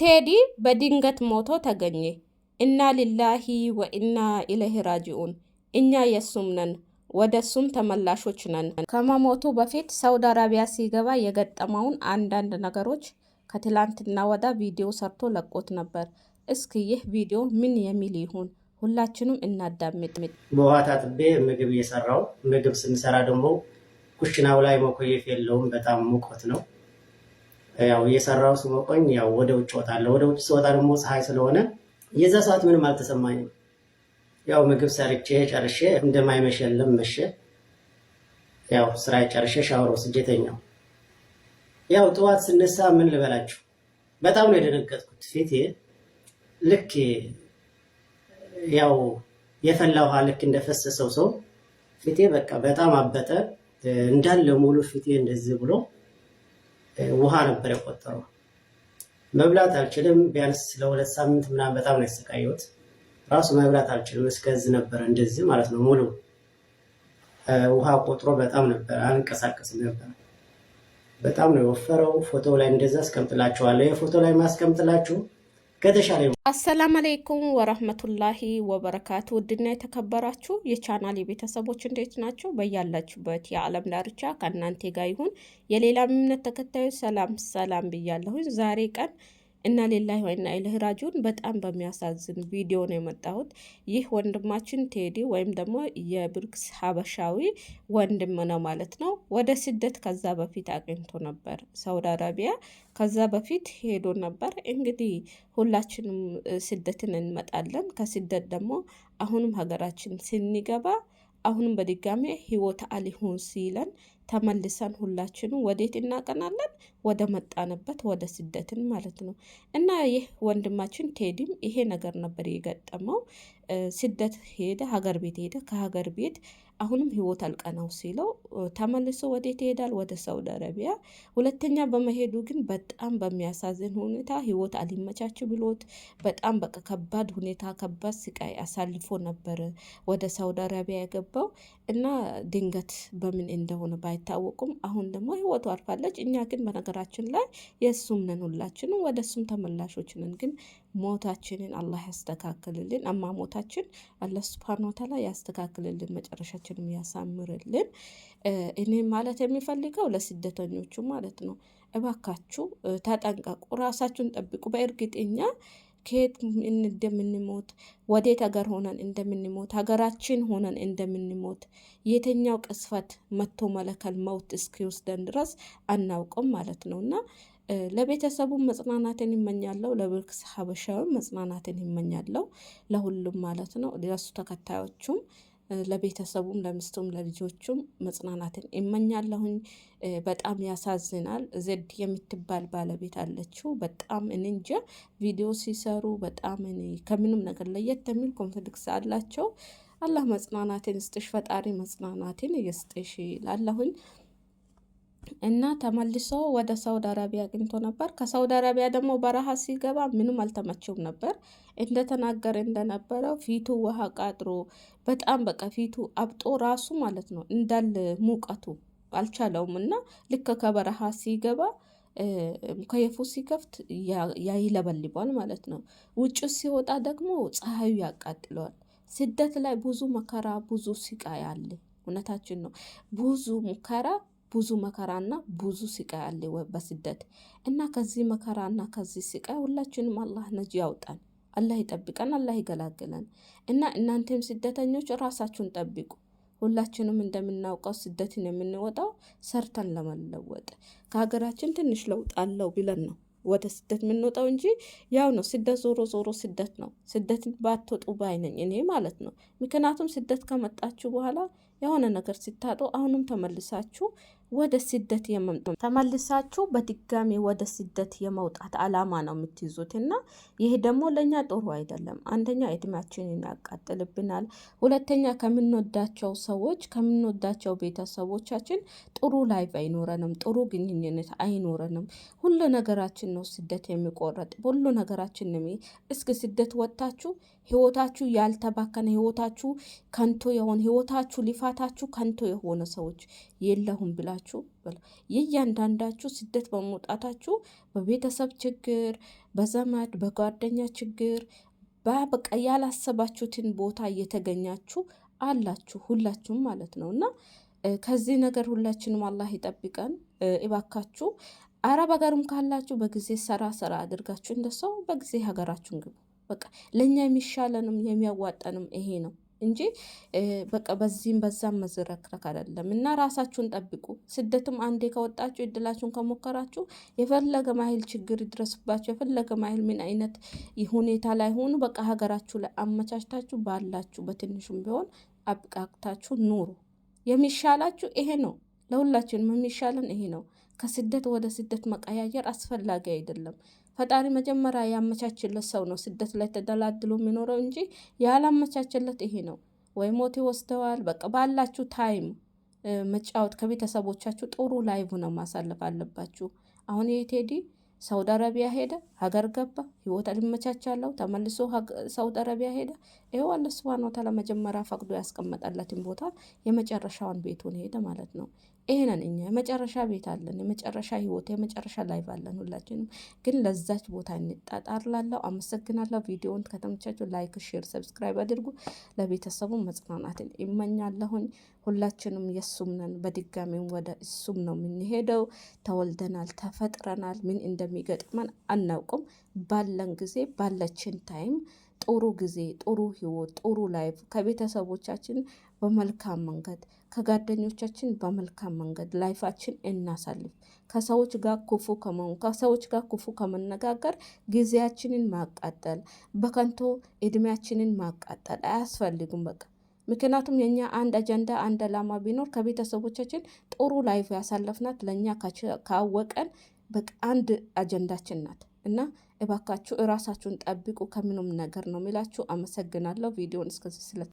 ቴዲ በድንገት ሞቶ ተገኘ። እና ሊላሂ ወኢና ኢለህ ራጂኡን። እኛ የሱም ነን ወደሱም ተመላሾች ነን። ከመሞቱ በፊት ሳውዲ አረቢያ ሲገባ የገጠመውን አንዳንድ ነገሮች ከትላንትና ወዳ ቪዲዮ ሰርቶ ለቆት ነበር። እስኪ ይህ ቪዲዮ ምን የሚል ይሁን ሁላችንም እናዳምጥምጥ። በውሃ ታጥቤ ምግብ እየሰራው ምግብ ስንሰራ ደግሞ ኩሽናው ላይ መኮየፍ የለውም፣ በጣም ሙቆት ነው። ያው እየሰራው ስመቆኝ ያው ወደ ውጭ ወጣለሁ። ወደ ውጭ ስወጣ ደግሞ ፀሐይ ስለሆነ የዛ ሰዓት ምንም አልተሰማኝም። ያው ምግብ ሰርቼ ጨርሼ እንደማይመሽ የለም መሸ። ያው ስራ ጨርሼ ሻወር ወስጄ ተኛው። ያው ጠዋት ስነሳ ምን ልበላችሁ በጣም ነው የደነገጥኩት። ፊቴ ልክ ያው የፈላ ውሃ ልክ እንደፈሰሰው ሰው ፊቴ በቃ በጣም አበጠ። እንዳለ ሙሉ ፊቴ እንደዚህ ብሎ ውሃ ነበር የቆጠረው። መብላት አልችልም። ቢያንስ ለሁለት ሳምንት ምናምን በጣም ነው የተሰቃየሁት። ራሱ መብላት አልችልም። እስከዚህ ነበረ እንደዚህ ማለት ነው። ሙሉ ውሃ ቆጥሮ በጣም ነበር። አንቀሳቀስም ነበር። በጣም ነው የወፈረው። ፎቶ ላይ እንደዛ አስቀምጥላችኋለሁ። የፎቶ ላይ ማስቀምጥላችሁ ከተሻለ አሰላም አለይኩም ወራህመቱላሂ ወበረካቱ። ውድና የተከበራችሁ የቻናል የቤተሰቦች እንዴት ናቸው? በያላችሁበት የዓለም ዳርቻ ከእናንተ ጋር ይሁን። የሌላ እምነት ተከታዮች ሰላም ሰላም ብያለሁኝ። ዛሬ ቀን እና ሌላ ወይና ኢልህራጁን በጣም በሚያሳዝን ቪዲዮ ነው የመጣሁት። ይህ ወንድማችን ቴዲ ወይም ደግሞ የብርክስ ሀበሻዊ ወንድም ነው ማለት ነው። ወደ ስደት ከዛ በፊት አገኝቶ ነበር ሳውዲ አረቢያ ከዛ በፊት ሄዶ ነበር። እንግዲህ ሁላችንም ስደትን እንመጣለን። ከስደት ደግሞ አሁንም ሀገራችን ስንገባ አሁንም በድጋሜ ህይወት አሊሁን ሲለን ተመልሰን ሁላችንም ወዴት እናቀናለን? ወደ መጣንበት ወደ ስደትን ማለት ነው። እና ይህ ወንድማችን ቴዲም ይሄ ነገር ነበር የገጠመው። ስደት ሄደ፣ ሀገር ቤት ሄደ። ከሀገር ቤት አሁንም ህይወት አልቀነው ሲለው ተመልሶ ወዴት ይሄዳል? ወደ ሳውዲ አረቢያ። ሁለተኛ በመሄዱ ግን በጣም በሚያሳዝን ሁኔታ ህይወት አሊመቻች ብሎት በጣም በቃ ከባድ ሁኔታ ከባድ ስቃይ አሳልፎ ነበር ወደ ሳውዲ አረቢያ የገባው እና ድንገት በምን እንደሆነ ባይታወቁም አሁን ደግሞ ህይወቱ አልፋለች። እኛ ግን በነገራችን ላይ የእሱም ነን ሁላችንም ወደ እሱም ተመላሾች ነን ግን ሞታችንን አላህ ያስተካክልልን። አማ ሞታችን አላህ ስብሐነሁ ወተዓላ ያስተካክልልን፣ መጨረሻችንም ያሳምርልን። እኔ ማለት የሚፈልገው ለስደተኞቹ ማለት ነው፣ እባካችሁ ተጠንቀቁ፣ ራሳችሁን ጠብቁ። በእርግጠኛ ከየት እንደምንሞት ወዴት ሀገር ሆነን እንደምንሞት ሀገራችን ሆነን እንደምንሞት የተኛው ቅስፈት መቶ መለከል መውት እስኪወስደን ድረስ አናውቅም ማለት ነው እና ለቤተሰቡ መጽናናትን ይመኛለው፣ ለብርክስ ሀበሻውም መጽናናትን ይመኛለው፣ ለሁሉም ማለት ነው። ለሱ ተከታዮቹም ለቤተሰቡም ለምስቱም፣ ለልጆቹም መጽናናትን ይመኛለሁኝ። በጣም ያሳዝናል። ዜድ የምትባል ባለቤት አለችው። በጣም እኔ እንጃ ቪዲዮ ሲሰሩ በጣም እኔ ከምንም ነገር ለየት የሚል ኮንፍሊክስ አላቸው። አላህ መጽናናትን ስጥሽ፣ ፈጣሪ መጽናናትን እየስጥሽ ላለሁኝ እና ተመልሶ ወደ ሳውዲ አረቢያ አግኝቶ ነበር። ከሳውዲ አረቢያ ደግሞ በረሃ ሲገባ ምንም አልተመቸውም ነበር። እንደተናገረ እንደነበረው ፊቱ ውሃ ቃጥሮ በጣም በቃ ፊቱ አብጦ ራሱ ማለት ነው እንዳል ሙቀቱ አልቻለውም እና ልክ ከበረሃ ሲገባ ከየፉ ሲከፍት ያይለበልቧል ማለት ነው። ውጭ ሲወጣ ደግሞ ፀሐዩ ያቃጥለዋል። ስደት ላይ ብዙ መከራ ብዙ ስቃይ አለ። እውነታችን ነው። ብዙ ሙከራ ብዙ መከራና ብዙ ስቃይ አለ በስደት እና ከዚህ መከራና ከዚህ ስቃይ ሁላችንም አላህ ነጂ ያውጣን። አላህ ይጠብቀን፣ አላህ ይገላግለን። እና እናንተም ስደተኞች ራሳችሁን ጠብቁ። ሁላችንም እንደምናውቀው ስደትን የምንወጣው ሰርተን ለመለወጥ ከሀገራችን ትንሽ ለውጥ አለው ብለን ነው ወደ ስደት የምንወጣው እንጂ ያው ነው ስደት፣ ዞሮ ዞሮ ስደት ነው። ስደትን ባትወጡ ባይነኝ እኔ ማለት ነው። ምክንያቱም ስደት ከመጣችሁ በኋላ የሆነ ነገር ሲታጡ አሁንም ተመልሳችሁ ወደ ስደት የመምጣት ተመልሳችሁ በድጋሚ ወደ ስደት የመውጣት አላማ ነው የምትይዙት እና ይሄ ደግሞ ለእኛ ጥሩ አይደለም። አንደኛ እድሜያችንን ያቃጥልብናል። ሁለተኛ ከምንወዳቸው ሰዎች ከምንወዳቸው ቤተሰቦቻችን ጥሩ ላይፍ አይኖረንም፣ ጥሩ ግንኙነት አይኖረንም። ሁሉ ነገራችን ነው ስደት የሚቆረጥ ሁሉ ነገራችን ነው። እስኪ ስደት ወጥታችሁ ህይወታችሁ ያልተባከነ ህይወታችሁ ከንቶ የሆነ ህይወታችሁ ሊፋታችሁ ከንቶ የሆነ ሰዎች የለሁም ብላ አላችሁ። የእያንዳንዳችሁ ስደት በመውጣታችሁ በቤተሰብ ችግር፣ በዘመድ በጓደኛ ችግር በቃ ያላሰባችሁትን ቦታ እየተገኛችሁ አላችሁ ሁላችሁም ማለት ነው እና ከዚህ ነገር ሁላችንም አላህ ይጠብቀን። እባካችሁ አረብ ሀገርም ካላችሁ በጊዜ ሰራ ሰራ አድርጋችሁ እንደሰው በጊዜ ሀገራችሁን ግቡ። በቃ ለእኛ የሚሻለንም የሚያዋጠንም ይሄ ነው። እንጂ በቃ በዚህም በዛም መዝረክረክ አይደለም። እና ራሳችሁን ጠብቁ። ስደትም አንዴ ከወጣችሁ እድላችሁን ከሞከራችሁ የፈለገ ማይል ችግር ይድረስባችሁ፣ የፈለገ ማይል ምን አይነት ሁኔታ ላይ ሆኑ፣ በቃ ሀገራችሁ ላይ አመቻችታችሁ ባላችሁ በትንሹም ቢሆን አብቃቅታችሁ ኑሩ። የሚሻላችሁ ይሄ ነው። ለሁላችንም የሚሻለን ይሄ ነው። ከስደት ወደ ስደት መቀያየር አስፈላጊ አይደለም። ፈጣሪ መጀመሪያ ያመቻችለት ሰው ነው ስደት ላይ ተደላድሎ የሚኖረው እንጂ ያላመቻችለት ይሄ ነው ወይ ሞት ይወስደዋል። በቃ ባላችሁ ታይም መጫወት ከቤተሰቦቻችሁ ጥሩ ላይቭ ነው ማሳለፍ አለባችሁ። አሁን ይሄ ቴዲ ሳውዲ አረቢያ ሄደ፣ ሀገር ገባ፣ ህይወት አልመቻቻለው፣ ተመልሶ ሳውዲ አረቢያ ሄደ። ይኸው አለ ስብሃነ ወተዓላ መጀመሪያ ፈቅዶ ያስቀመጠለትን ቦታ የመጨረሻውን ቤቱን ሄደ ማለት ነው። ይሄንን እኛ የመጨረሻ ቤት አለን፣ የመጨረሻ ህይወት፣ የመጨረሻ ላይፍ አለን። ሁላችንም ግን ለዛች ቦታ እንጣጣርላለሁ። አመሰግናለሁ። ቪዲዮውን ከተመቻችሁ ላይክ፣ ሼር፣ ሰብስክራይብ አድርጉ። ለቤተሰቡ መጽናናትን ይመኛለሁኝ። ሁላችንም የሱም ነን። በድጋሚም ወደ እሱም ነው የምንሄደው። ተወልደናል፣ ተፈጥረናል። ምን እንደሚገጥመን አናውቅም። ባለን ጊዜ ባለችን ታይም ጥሩ ጊዜ፣ ጥሩ ህይወት፣ ጥሩ ላይፍ ከቤተሰቦቻችን በመልካም መንገድ ከጓደኞቻችን በመልካም መንገድ ላይፋችን እናሳልፍ። ከሰዎች ጋር ክፉ ከመሆን ከሰዎች ጋር ክፉ ከመነጋገር ጊዜያችንን ማቃጠል በከንቶ እድሜያችንን ማቃጠል አያስፈልጉም። በቃ ምክንያቱም የኛ አንድ አጀንዳ አንድ አላማ ቢኖር ከቤተሰቦቻችን ጥሩ ላይፍ ያሳለፍናት ለእኛ ካወቀን በቃ አንድ አጀንዳችን ናት እና እባካችሁ እራሳችሁን ጠብቁ ከምንም ነገር ነው የሚላችሁ። አመሰግናለሁ ቪዲዮን እስከዚህ ስለ